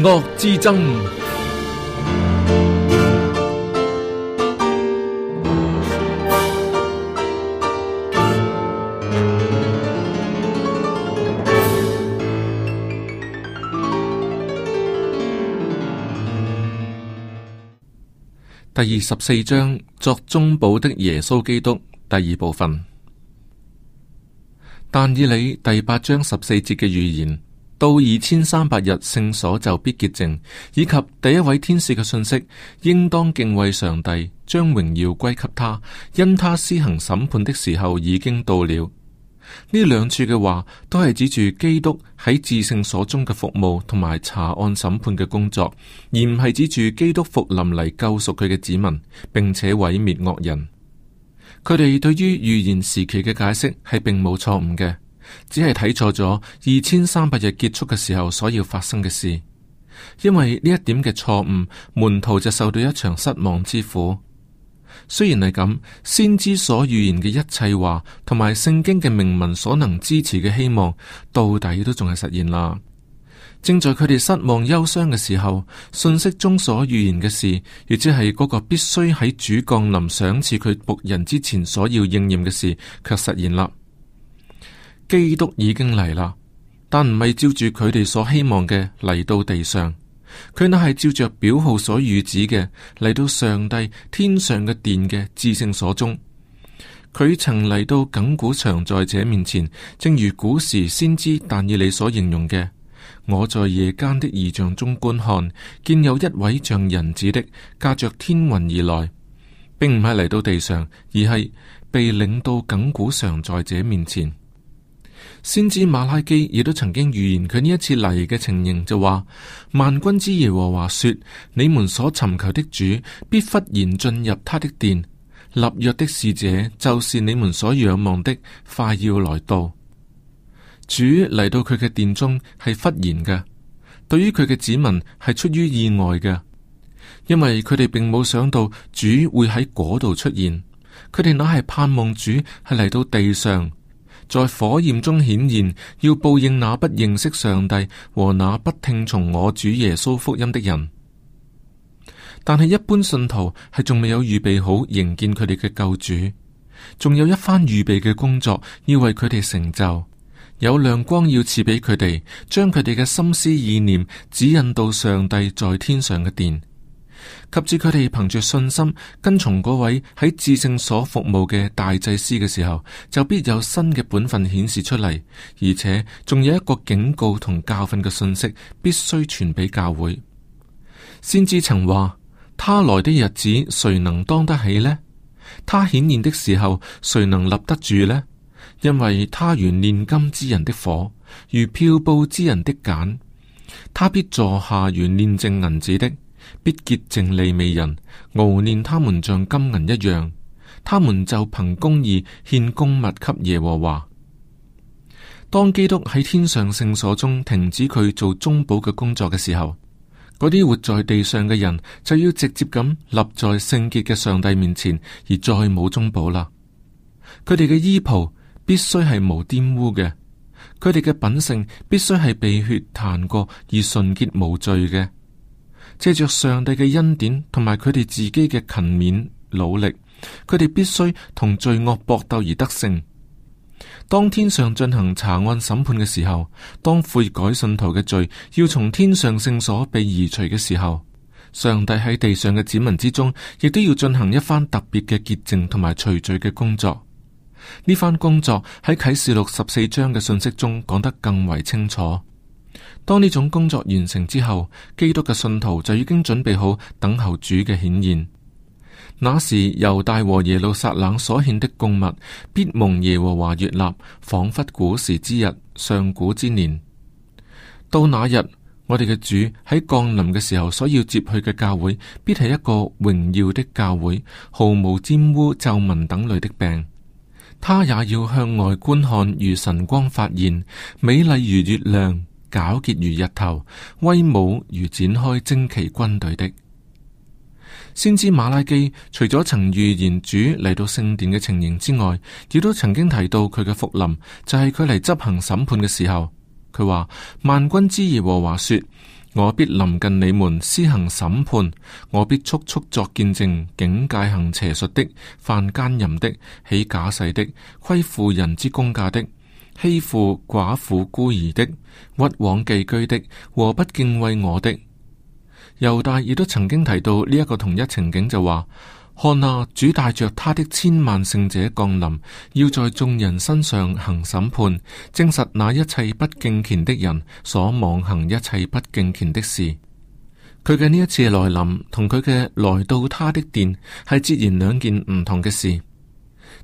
.惡之爭。第二十四章，作中保的耶穌基督。第二部分。但以理第八章十四節嘅預言。到二千三百日聖所就必潔淨，以及第一位天使嘅信息，應當敬畏上帝，將榮耀歸給他，因他施行審判的時候已經到了。呢兩處嘅話，都係指住基督喺至聖所中嘅服務同埋查案審判嘅工作，而唔係指住基督復臨嚟救贖佢嘅子民，並且毀滅惡人。佢哋對於預言時期嘅解釋係並冇錯誤嘅。只係睇錯咗二千三百日結束嘅時候所要發生嘅事，因為呢一點嘅錯誤，門徒就受到一場失望之苦。雖然係咁，先知所預言嘅一切話，同埋聖經嘅明文所能支持嘅希望，到底都仲係實現啦。正在佢哋失望憂傷嘅時候，信息中所預言嘅事，亦即係嗰個必須喺主降臨賞賜佢僕人之前所要應驗嘅事，卻實現啦。基督已經嚟啦，但唔係照住佢哋所希望嘅嚟到地上，佢那係照着表號所預指嘅嚟到上帝天上嘅殿嘅至聖所中。佢曾嚟到亘古常在者面前，正如古時先知但以理所形容嘅。我在夜間的異象中觀看，見有一位像人子的駕着天雲而來，並唔係嚟到地上，而係被領到亘古常在者面前。.先知馬拉基亦都曾經預言佢呢一次嚟嘅情形，就話：萬軍之耶和華說，你們所尋求的主必忽然進入他的殿，立約的使者就是你們所仰望的，快要來到。主嚟到佢嘅殿中係忽然嘅，對於佢嘅子民係出於意外嘅，因為佢哋並冇想到主會喺嗰度出現，佢哋那係盼望主係嚟到地上。.在火焰中顯現，要報應那不認識上帝和那不聽從我主耶穌福音的人。但係一般信徒係仲未有預備好迎見佢哋嘅救主，仲有一番預備嘅工作要為佢哋成就，有亮光要賜俾佢哋，將佢哋嘅心思意念指引到上帝在天上嘅殿。及至佢哋憑住信心跟從嗰位喺至聖所服務嘅大祭司嘅時候，就必有新嘅本分顯示出嚟，而且仲有一個警告同教訓嘅信息必須傳俾教會。先知曾話：他來的日子，誰能當得起呢？他顯現的時候，誰能立得住呢？因為他如煉金之人的火，如漂布之人的鹼，他必坐下，如煉淨銀子的。必潔淨利未人，熬煉他們像金銀一樣，他們就憑公義獻供物給耶和華。當基督喺天上聖所中停止佢做中保嘅工作嘅時候，嗰啲活在地上嘅人就要直接咁立在聖潔嘅上帝面前，而再冇中保啦。佢哋嘅衣袍必須係無玷污嘅，佢哋嘅品性必須係被血彈過而純潔無罪嘅。借着上帝嘅恩典同埋佢哋自己嘅勤勉努力，佢哋必須同罪惡搏鬥而得勝。當天上進行查案審判嘅時候，當悔改信徒嘅罪要從天上聖所被移除嘅時候，上帝喺地上嘅子民之中，亦都要進行一番特別嘅潔淨同埋除罪嘅工作。呢番工作喺啟示錄十四章嘅信息中講得更為清楚。當呢種工作完成之後，基督嘅信徒就已經準備好等候主嘅顯現。那時，猶大和耶路撒冷所獻的供物，必蒙耶和華悅納，仿佛古時之日、上古之年。到那日，我哋嘅主喺降臨嘅時候，所要接去嘅教會，必係一個榮耀的教會，毫無沾污、皺紋等類的病。他也要向外觀看，如晨光發現，美麗如月亮。皎潔如日頭，威武如展開旌旗軍隊的。先知馬拉基除咗曾預言主嚟到聖殿嘅情形之外，亦都曾經提到佢嘅復臨就係佢嚟執行審判嘅時候。佢話萬軍之耶和華說：我必臨近你們施行審判，我必速速作見證，警戒行邪術的、犯奸淫的、起假誓的、虧負人之公價的。欺負寡婦孤兒的、屈枉寄居的和不敬畏我的，猶大亦都曾經提到呢一個同一情景，就話：看哪，主帶着他的千萬聖者降臨，要在眾人身上行審判，證實那一切不敬虔的人所妄行一切不敬虔的事。佢嘅呢一次來臨，同佢嘅來到他的殿，係截然兩件唔同嘅事。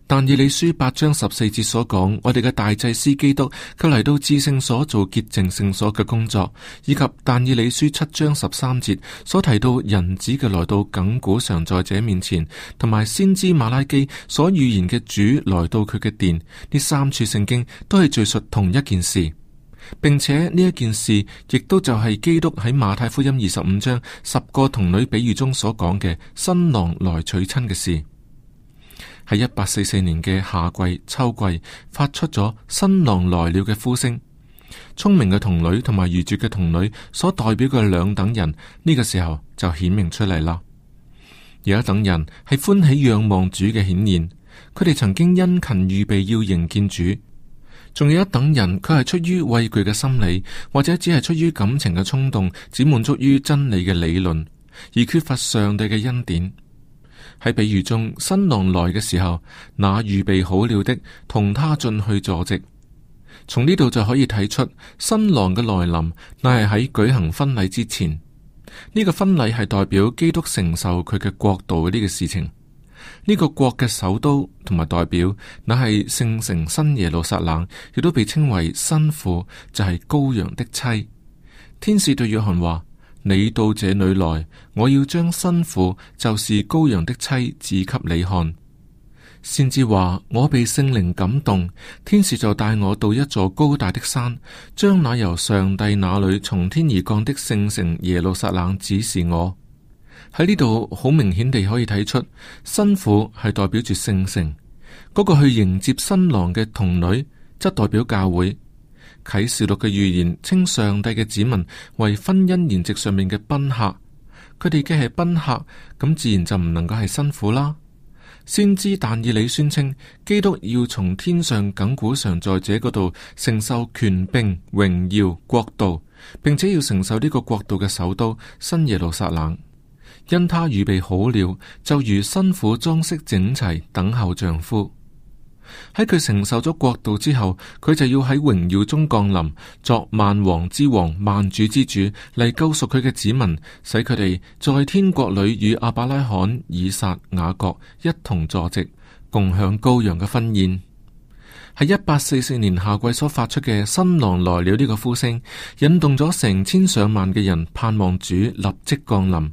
但以理書八章十四節所講，我哋嘅大祭司基督佢嚟到至聖所做潔淨聖所嘅工作，以及但以理書七章十三節所提到人子嘅來到亘古常在者面前，同埋先知馬拉基所預言嘅主來到佢嘅殿，呢三處聖經都係敘述同一件事，並且呢一件事亦都就係基督喺馬太福音二十五章十個童女比喻中所講嘅新郎來娶親嘅事。喺一八四四年嘅夏季、秋季，發出咗新郎來了嘅呼聲。聰明嘅童女同埋愚拙嘅童女所代表嘅兩等人，呢、這個時候就顯明出嚟啦。有一等人係歡喜仰望主嘅顯現，佢哋曾經殷勤預備要迎見主，仲有一等人佢係出於畏懼嘅心理，或者只係出於感情嘅衝動，只滿足於真理嘅理論，而缺乏上帝嘅恩典。喺比喻中，新郎來嘅時候，那預備好了的同他進去坐席。從呢度就可以睇出新郎嘅來臨，乃係喺舉行婚禮之前。呢個婚禮係代表基督承受佢嘅國度呢個事情。呢個國嘅首都同埋代表，乃係聖城新耶路撒冷，亦都被稱為新婦，就係羔羊的妻。天使對約翰話。你到這裏來，我要將新婦就是羔羊的妻子，指給你看。先知話：我被聖靈感動，天使就帶我到一座高大的山，將那由上帝那裏從天而降的聖城耶路撒冷指示我。喺呢度好明顯地可以睇出，新婦係代表住聖城，嗰、那個去迎接新郎嘅童女則代表教會。啟示錄嘅預言稱上帝嘅子民為婚姻筵席上面嘅賓客，佢哋既係賓客，咁自然就唔能夠係新婦啦。先知但以理宣稱，基督要從天上亘古常在者嗰度承受權柄、榮耀、國度，並且要承受呢個國度嘅首都新耶路撒冷，因他預備好了，就如新婦裝飾整齊，等候丈夫。喺佢承受咗國度之後，佢就要喺榮耀中降臨，作萬王之王、萬主之主，嚟救贖佢嘅子民，使佢哋在天國裏與亞伯拉罕、以撒、雅各一同坐席，共享羔羊嘅婚宴。喺一八四四年夏季所發出嘅新郎來了呢個呼聲，引動咗成千上萬嘅人盼望主立即降臨。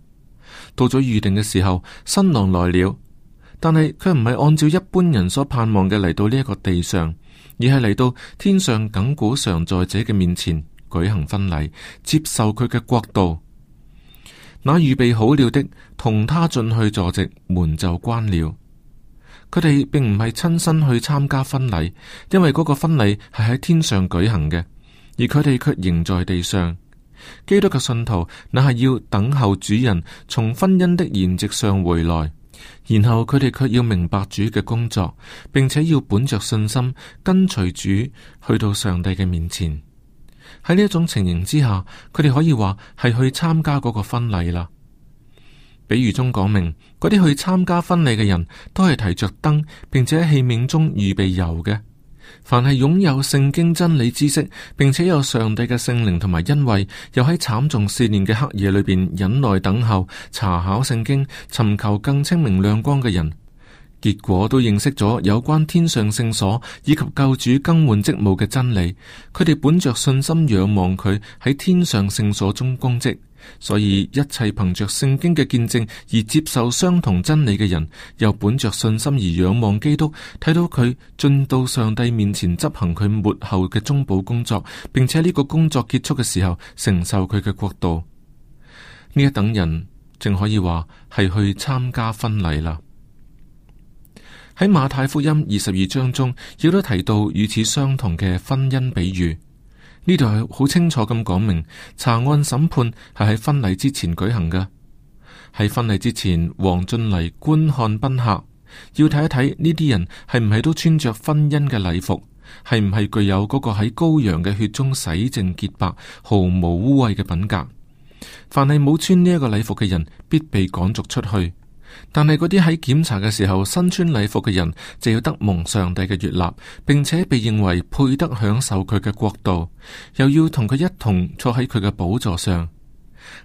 到咗預定嘅時候，新郎來了。但係佢唔係按照一般人所盼望嘅，嚟到呢一個地上，而係嚟到天上亘古常在者嘅面前舉行婚禮，接受佢嘅國度。那預備好了的同他進去坐席，門就關了。佢哋並唔係親身去參加婚禮，因為嗰個婚禮係喺天上舉行嘅，而佢哋卻仍在地上。基督嘅信徒，那係要等候主人從婚姻的筵席上回來。然後佢哋卻要明白主嘅工作，並且要本着信心跟隨主去到上帝嘅面前。喺呢一種情形之下，佢哋可以話係去參加嗰個婚禮啦。比喻中講明，嗰啲去參加婚禮嘅人，都係提着燈，並且喺器皿中預備油嘅。凡係擁有聖經真理知識，並且有上帝嘅聖靈同埋恩惠，又喺慘重試煉嘅黑夜裏邊忍耐等候、查考聖經、尋求更清明亮光嘅人，結果都認識咗有關天上聖所以及救主更換職務嘅真理。佢哋本着信心仰望佢喺天上聖所中供職。所以一切憑着聖經嘅見證而接受相同真理嘅人，又本着信心而仰望基督，睇到佢進到上帝面前執行佢末後嘅中保工作，並且呢個工作結束嘅時候，承受佢嘅國度。呢一等人，正可以話係去參加婚禮啦。喺馬太福音二十二章中，亦都提到與此相同嘅婚姻比喻。呢度係好清楚咁講明，查案審判係喺婚禮之前舉行嘅。喺婚禮之前，王進嚟觀看賓客，要睇一睇呢啲人係唔係都穿着婚姻嘅禮服，係唔係具有嗰個喺羔羊嘅血中洗淨潔白、毫無污穢嘅品格。凡係冇穿呢一個禮服嘅人，必被趕逐出去。但係嗰啲喺檢查嘅時候身穿禮服嘅人，就要得蒙上帝嘅悅納，並且被認為配得享受佢嘅國度，又要同佢一同坐喺佢嘅寶座上。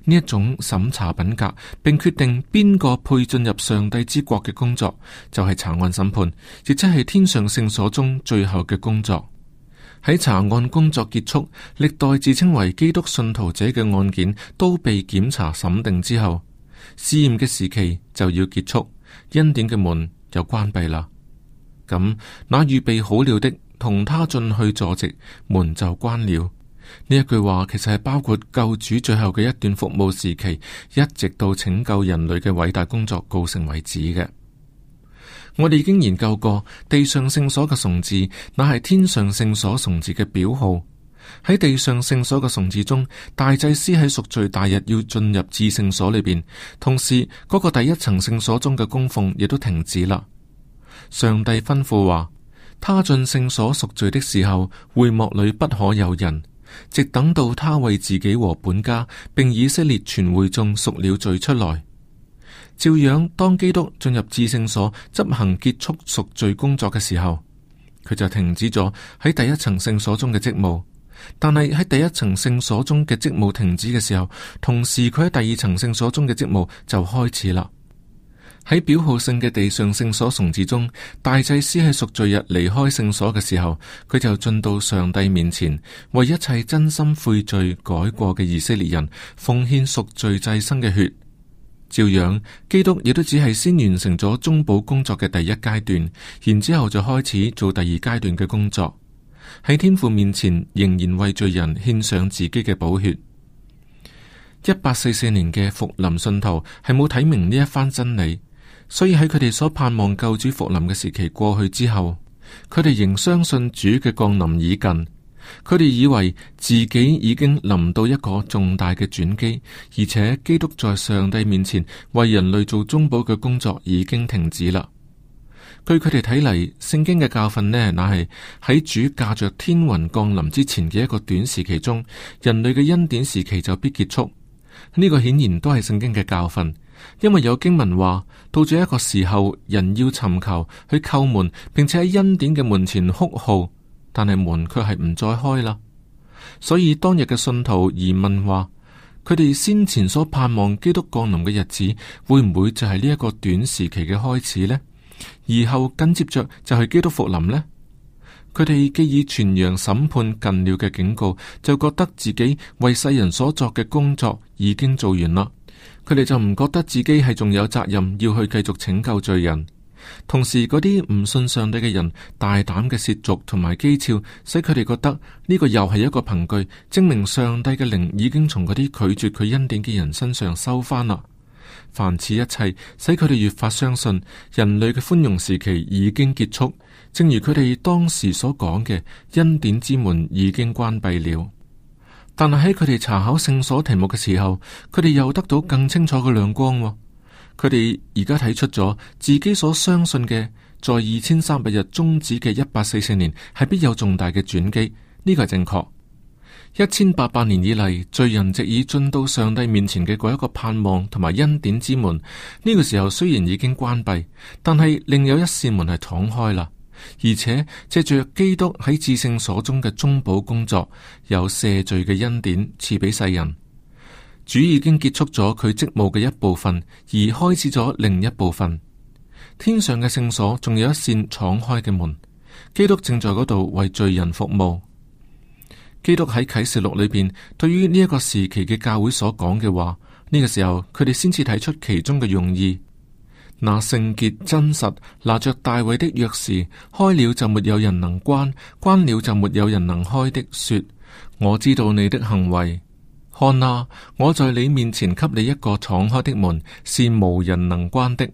呢一種審查品格，並決定邊個配進入上帝之國嘅工作，就係查案審判，亦即係天上聖所中最後嘅工作。喺查案工作結束，歷代自稱為基督信徒者嘅案件，都被檢查審定之後。試驗嘅時期就要結束，恩典嘅門就關閉啦。咁那預備好了的同他進去坐席，門就關了。呢一句話其實係包括救主最後嘅一段服務時期，一直到拯救人類嘅偉大工作告成為止嘅。我哋已經研究過地上聖所嘅崇祀，乃係天上聖所崇祀嘅表號。喺地上聖所嘅崇事中，大祭司喺贖罪大日要進入至聖所裏邊，同時嗰、那個第一層聖所中嘅供奉亦都停止啦。上帝吩咐話，他進聖所贖罪的時候，會幕裏不可有人，直等到他為自己和本家，並以色列全會眾贖了罪出來。照樣當基督進入至聖所執行結束贖罪工作嘅時候，佢就停止咗喺第一層聖所中嘅職務。但係喺第一層聖所中嘅職務停止嘅時候，同時佢喺第二層聖所中嘅職務就開始啦。喺表號性嘅地上聖所崇事中，大祭司喺贖罪日離開聖所嘅時候，佢就進到上帝面前，為一切真心悔罪改過嘅以色列人奉獻贖罪祭牲嘅血。照樣，基督亦都只係先完成咗中保工作嘅第一階段，然之後就開始做第二階段嘅工作。喺天父面前，仍然為罪人獻上自己嘅寶血。一八四四年嘅復臨信徒係冇睇明呢一番真理，所以喺佢哋所盼望救主復臨嘅時期過去之後，佢哋仍相信主嘅降臨已近。佢哋以為自己已經臨到一個重大嘅轉機，而且基督在上帝面前為人類做中保嘅工作已經停止啦。據佢哋睇嚟，聖經嘅教訓呢，乃係喺主駕着天雲降臨之前嘅一個短時期中，人類嘅恩典時期就必結束。呢個顯然都係聖經嘅教訓，因為有經文話，到咗一個時候，人要尋求去叩門，並且喺恩典嘅門前哭號，但係門卻係唔再開啦。所以當日嘅信徒疑問話，佢哋先前所盼望基督降臨嘅日子，會唔會就係呢一個短時期嘅開始呢？而後緊接着就係基督復臨呢？佢哋既已傳揚審判近了嘅警告，就覺得自己為世人所作嘅工作已經做完啦。佢哋就唔覺得自己係仲有責任要去繼續拯救罪人。同時嗰啲唔信上帝嘅人大膽嘅褻瀆同埋譏誚，使佢哋覺得呢、這個又係一個憑據，證明上帝嘅靈已經從嗰啲拒絕佢恩典嘅人身上收翻啦。凡此一切，使佢哋越發相信人類嘅寬容時期已經結束，正如佢哋當時所講嘅，恩典之門已經關閉了。但係喺佢哋查考聖所題目嘅時候，佢哋又得到更清楚嘅亮光，哦。佢哋而家睇出咗自己所相信嘅，在二千三百日終止嘅一八四四年係必有重大嘅轉機。呢個係正確。一千八百年以嚟，罪人藉以進到上帝面前嘅嗰一個盼望同埋恩典之門，呢、這個時候雖然已經關閉，但係另有一扇門係敞開啦。而且借着基督喺至聖所中嘅中保工作，有赦罪嘅恩典賜俾世人。主已經結束咗佢職務嘅一部分，而開始咗另一部分。天上嘅聖所仲有一扇敞開嘅門，基督正在嗰度為罪人服務。基督喺啟示錄裏邊對於呢一個時期嘅教會所講嘅話，呢、這個時候佢哋先至睇出其中嘅用意。那聖潔真實拿着大衛的鑰匙，開了就沒有人能關，關了就沒有人能開的說，我知道你的行為，看啊，我在你面前給你一個敞開的門，是無人能關的。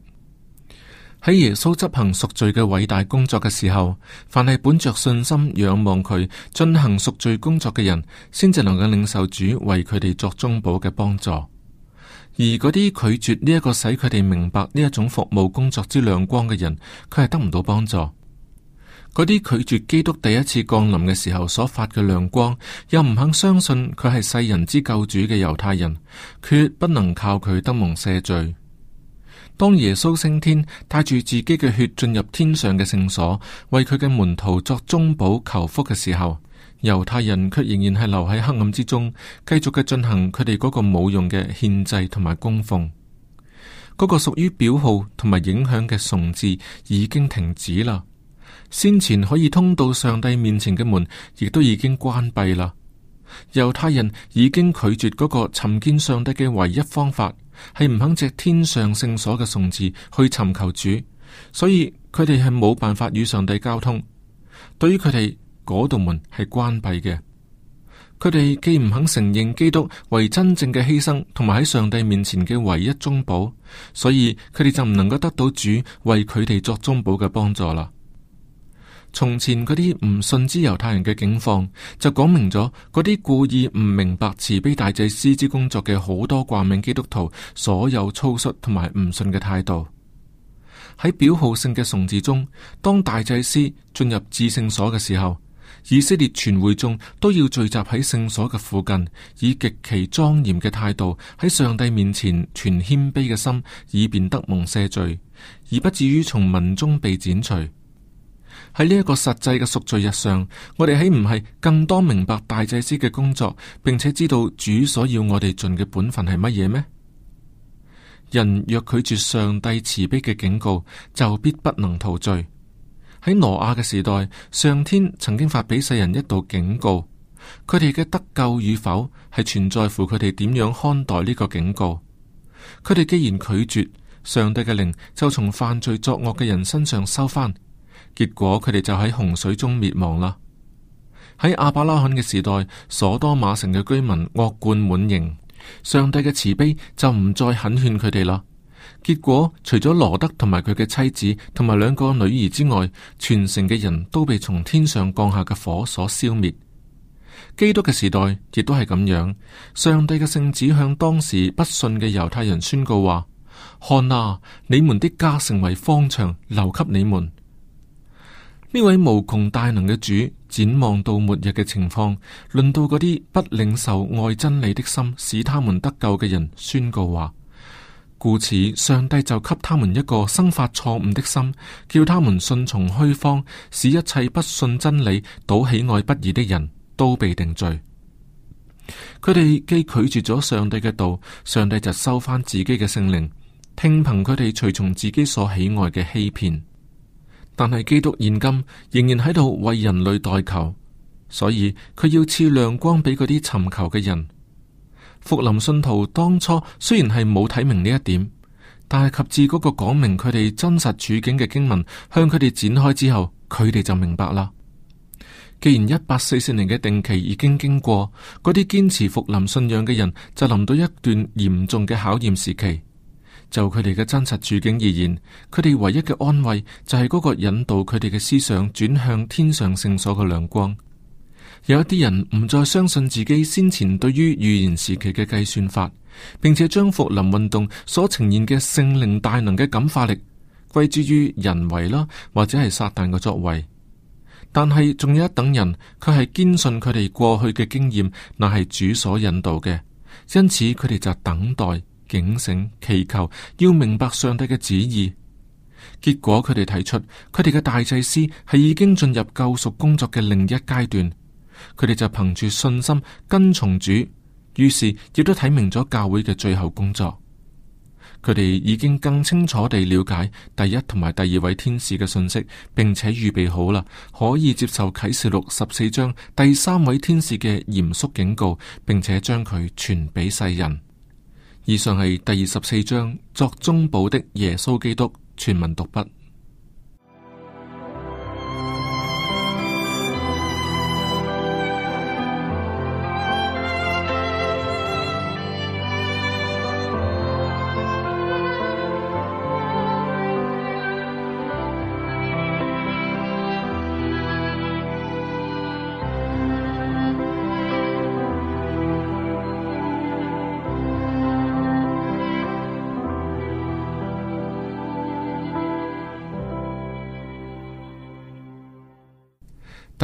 喺耶穌執行贖罪嘅偉大工作嘅時候，凡係本着信心仰望佢進行贖罪工作嘅人，先至能夠領受主為佢哋作中保嘅幫助。而嗰啲拒絕呢一個使佢哋明白呢一種服務工作之亮光嘅人，佢係得唔到幫助。嗰啲拒絕基督第一次降臨嘅時候所發嘅亮光，又唔肯相信佢係世人之救主嘅猶太人，決不能靠佢得蒙赦罪。當耶穌升天，帶住自己嘅血進入天上嘅聖所，為佢嘅門徒作中保求福嘅時候，猶太人卻仍然係留喺黑暗之中，繼續嘅進行佢哋嗰個冇用嘅獻祭同埋供奉。嗰個屬於表號同埋影響嘅崇字已經停止啦，先前可以通到上帝面前嘅門亦都已經關閉啦。猶太人已經拒絕嗰個尋見上帝嘅唯一方法。係唔肯借天上聖所嘅崇字去尋求主，所以佢哋係冇辦法與上帝交通。對於佢哋，嗰道門係關閉嘅。佢哋既唔肯承認基督為真正嘅犧牲，同埋喺上帝面前嘅唯一中保，所以佢哋就唔能夠得到主為佢哋作中保嘅幫助啦。從前嗰啲唔信之猶太人嘅境況，就講明咗嗰啲故意唔明白慈悲大祭司之工作嘅好多掛名基督徒所有粗率同埋唔信嘅態度。喺表號性嘅崇祀中，當大祭司進入至聖所嘅時候，以色列全會眾都要聚集喺聖所嘅附近，以極其莊嚴嘅態度喺上帝面前存謙卑嘅心，以便得蒙赦罪，而不至於從民中被剪除。喺呢一個實際嘅贖罪日上，我哋豈唔係更多明白大祭司嘅工作，並且知道主所要我哋盡嘅本分係乜嘢？咩？人若拒絕上帝慈悲嘅警告，就必不能逃罪。喺挪亞嘅時代，上天曾經發俾世人一道警告，佢哋嘅得救與否係存在乎佢哋點樣看待呢個警告。佢哋既然拒絕上帝嘅靈，就從犯罪作惡嘅人身上收翻。結果佢哋就喺洪水中滅亡啦。喺亞伯拉罕嘅時代，所多瑪城嘅居民惡貫滿盈，上帝嘅慈悲就唔再肯勸佢哋啦。結果除咗羅德同埋佢嘅妻子同埋兩個女兒之外，全城嘅人都被從天上降下嘅火所消滅。基督嘅時代亦都係咁樣，上帝嘅聖子向當時不信嘅猶太人宣告話：「看啊，你們的家成為荒場，留給你們。呢位無窮大能嘅主展望到末日嘅情況，論到嗰啲不領受愛真理的心，使他們得救嘅人，宣告話：故此，上帝就給他們一個生發錯誤的心，叫他們順從虛謊，使一切不信真理、倒喜愛不義的人都被定罪。佢哋既拒絕咗上帝嘅道，上帝就收翻自己嘅聖靈，聽憑佢哋隨從自己所喜愛嘅欺騙。但係基督現今仍然喺度為人類代求，所以佢要賜亮光俾嗰啲尋求嘅人。復臨信徒當初雖然係冇睇明呢一點，但係及至嗰個講明佢哋真實處境嘅經文向佢哋展開之後，佢哋就明白啦。既然一八四四年嘅定期已經經過，嗰啲堅持復臨信仰嘅人就臨到一段嚴重嘅考驗時期。就佢哋嘅真實處境而言，佢哋唯一嘅安慰就係嗰個引導佢哋嘅思想轉向天上聖所嘅亮光。有一啲人唔再相信自己先前對於預言時期嘅計算法，並且將復臨運動所呈現嘅聖靈大能嘅感化力歸之於人為啦，或者係撒旦嘅作為。但係仲有一等人，佢係堅信佢哋過去嘅經驗乃係主所引導嘅，因此佢哋就等待。警醒祈求，要明白上帝嘅旨意。結果佢哋提出，佢哋嘅大祭司係已經進入救贖工作嘅另一階段。佢哋就憑住信心跟從主，於是亦都睇明咗教會嘅最後工作。佢哋已經更清楚地了解第一同埋第二位天使嘅信息，並且預備好啦，可以接受啟示錄十四章第三位天使嘅嚴肅警告，並且將佢傳俾世人。以上係第二十四章作中保的耶穌基督全文讀畢。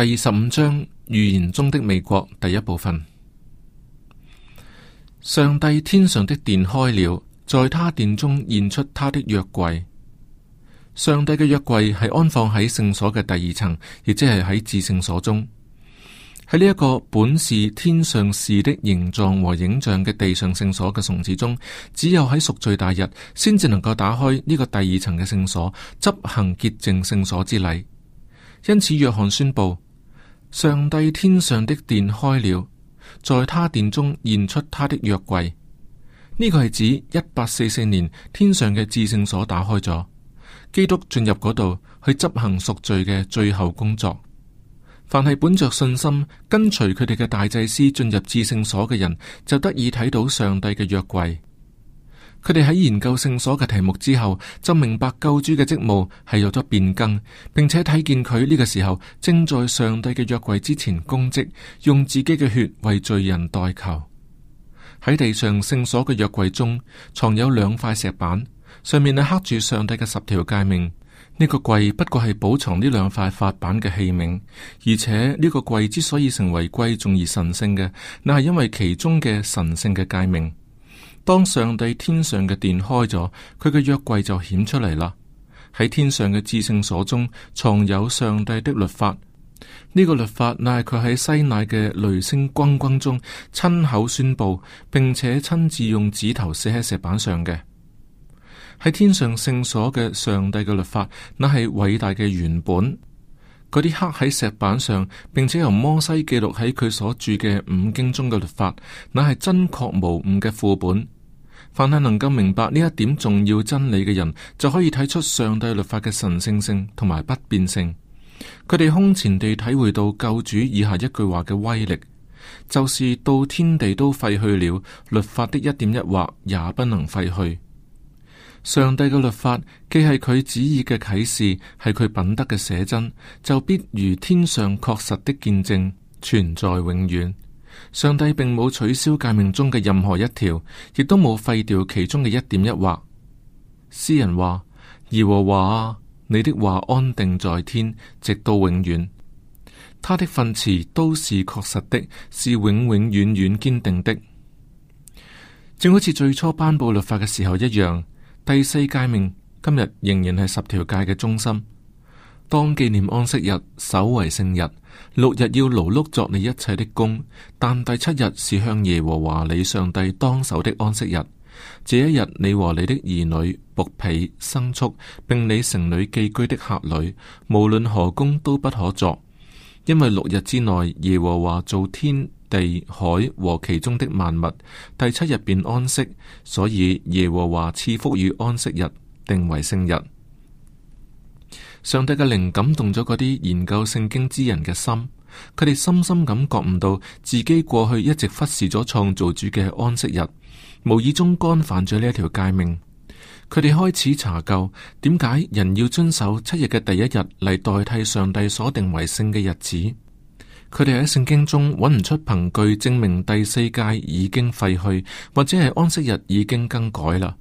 第二十五章預言中的美國第一部分。上帝天上的殿開了，在他殿中現出他的約櫃。上帝嘅約櫃係安放喺聖所嘅第二層，亦即係喺至聖所中。喺呢一個本是天上事的形狀和影像嘅地上聖所嘅崇祀中，只有喺贖罪大日，先至能夠打開呢個第二層嘅聖所，執行潔淨聖所之禮。因此，約翰宣布。上帝天上的殿開了，在他殿中現出他的約櫃。呢個係指一八四四年，天上嘅至聖所打開咗，基督進入嗰度去執行贖罪嘅最後工作。凡係本着信心跟隨佢哋嘅大祭司進入至聖所嘅人，就得以睇到上帝嘅約櫃。佢哋喺研究聖所嘅題目之後，就明白救主嘅職務係有咗變更，並且睇見佢呢個時候正在上帝嘅約櫃之前供職，用自己嘅血為罪人代求。喺地上聖所嘅約櫃中，藏有兩塊石板，上面係刻住上帝嘅十條誡命。呢個櫃不過係保存呢兩塊法版嘅器皿，而且呢個櫃之所以成為貴重而神聖嘅，那係因為其中嘅神聖嘅誡命。當上帝天上嘅殿開咗，佢嘅約櫃就顯出嚟啦。喺天上嘅至聖所中藏有上帝的律法。呢、這個律法乃係佢喺西奈嘅雷聲轟轟中親口宣佈，並且親自用指頭寫喺石板上嘅。喺天上聖所嘅上帝嘅律法，乃係偉大嘅原本。嗰啲刻喺石板上，並且由摩西記錄喺佢所著嘅五經中嘅律法，乃係真確無誤嘅副本。凡係能夠明白呢一點重要真理嘅人，就可以睇出上帝律法嘅神聖性同埋不變性。佢哋空前地體會到救主以下一句話嘅威力，就是到天地都廢去了，律法的一點一畫也不能廢去。上帝嘅律法既係佢旨意嘅啟示，係佢品德嘅寫真，就必如天上確實的見證，存在永遠。上帝並冇取消誡命中嘅任何一條，亦都冇廢掉其中嘅一點一畫。詩人話：耶和華啊，你的話安定在天，直到永遠。他的訓詞都是確實的，是永永遠遠，遠遠堅定的。正好似最初頒布律法嘅時候一樣，第四誡命今日仍然係十條誡嘅中心。當紀念安息日，守為聖日。六日要勞碌作你一切的工，但第七日是向耶和華你上帝當守的安息日。這一日你和你的兒女、僕婢、牲畜，並你城裏寄居的客旅，無論何工都不可作，因為六日之內耶和華造天地海和其中的萬物，第七日便安息，所以耶和華賜福與安息日，定為聖日。上帝嘅靈感動咗嗰啲研究聖經之人嘅心，佢哋深深感覺唔到自己過去一直忽視咗創造主嘅安息日，無意中干犯咗呢一條誡命。佢哋開始查究點解人要遵守七日嘅第一日嚟代替上帝所定為聖嘅日子。佢哋喺聖經中揾唔出憑據證明第四誡已經廢去，或者係安息日已經更改啦。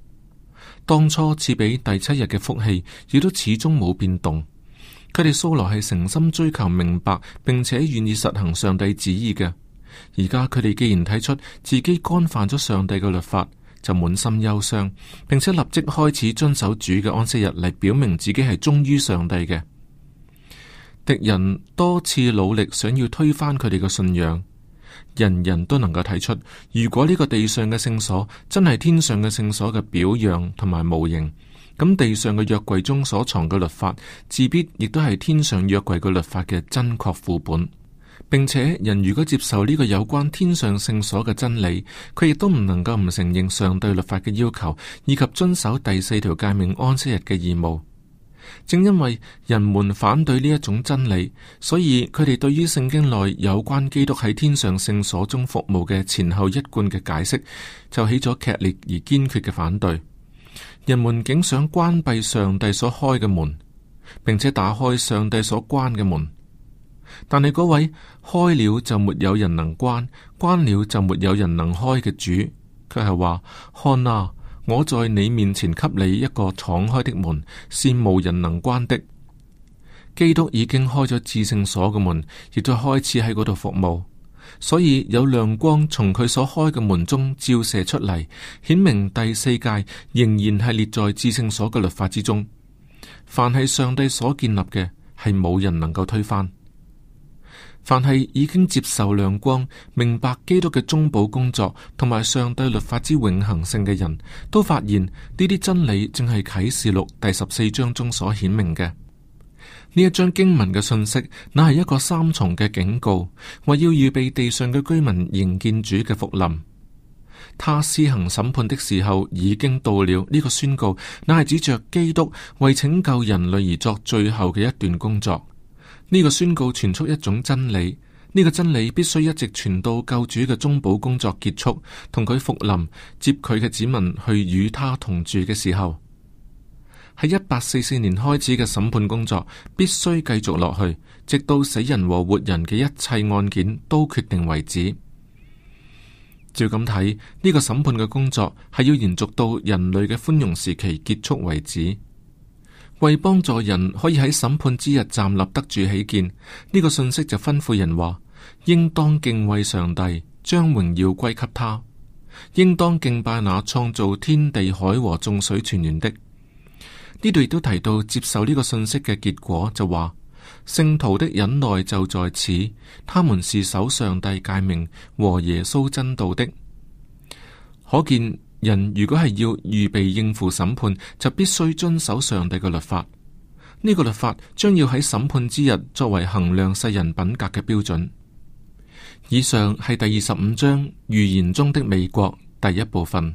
當初賜俾第七日嘅福氣，亦都始終冇變動。佢哋素來係誠心追求明白，并且願意實行上帝旨意嘅。而家佢哋既然睇出自己干犯咗上帝嘅律法，就滿心憂傷，并且立即開始遵守主嘅安息日嚟表明自己係忠於上帝嘅。敵人多次努力想要推翻佢哋嘅信仰。人人都能夠睇出，如果呢個地上嘅聖所真係天上嘅聖所嘅表樣同埋模型，咁地上嘅約櫃中所藏嘅律法，自必亦都係天上約櫃嘅律法嘅真確副本，並且人如果接受呢個有關天上聖所嘅真理，佢亦都唔能夠唔承認上帝律法嘅要求，以及遵守第四條誡命安息日嘅義務。正因為人們反對呢一種真理，所以佢哋對於聖經內有關基督喺天上聖所中服務嘅前後一貫嘅解釋，就起咗劇烈而堅決嘅反對。人們竟想關閉上帝所開嘅門，並且打開上帝所關嘅門，但係嗰位開了就沒有人能關，關了就沒有人能開嘅主，佢係話：看啊！我在你面前給你一個敞開的門，是無人能關的。基督已經開咗至聖所嘅門，亦都開始喺嗰度服務，所以有亮光從佢所開嘅門中照射出嚟，顯明第四誡仍然係列在至聖所嘅律法之中。凡係上帝所建立嘅，係冇人能夠推翻。凡係已經接受亮光、明白基督嘅中保工作同埋上帝律法之永恆性嘅人，都發現呢啲真理正係啟示錄第十四章中所顯明嘅。呢一章經文嘅信息，乃係一個三重嘅警告，為要預備地上嘅居民迎見主嘅復臨。他施行審判的時候已經到了，呢、這個宣告，乃係指着基督為拯救人類而作最後嘅一段工作。呢個宣告傳出一種真理，呢個真理必須一直傳到救主嘅中保工作結束，同佢復臨接佢嘅子民去與他同住嘅時候。喺一八四四年開始嘅審判工作必須繼續落去，直到死人和活人嘅一切案件都決定為止。照咁睇，呢個審判嘅工作係要延續到人類嘅寬容時期結束為止。為幫助人可以喺審判之日站立得住起見，呢、這個信息就吩咐人話：應當敬畏上帝，將榮耀歸給他；應當敬拜那創造天地海和眾水泉源的。呢度亦都提到接受呢個信息嘅結果就話，聖徒的忍耐就在此，他們是守上帝誡命和耶穌真道的。可見。人如果係要預備應付審判，就必須遵守上帝嘅律法。呢個律法將要喺審判之日作為衡量世人品格嘅標準。以上係第二十五章預言中的美國第一部分，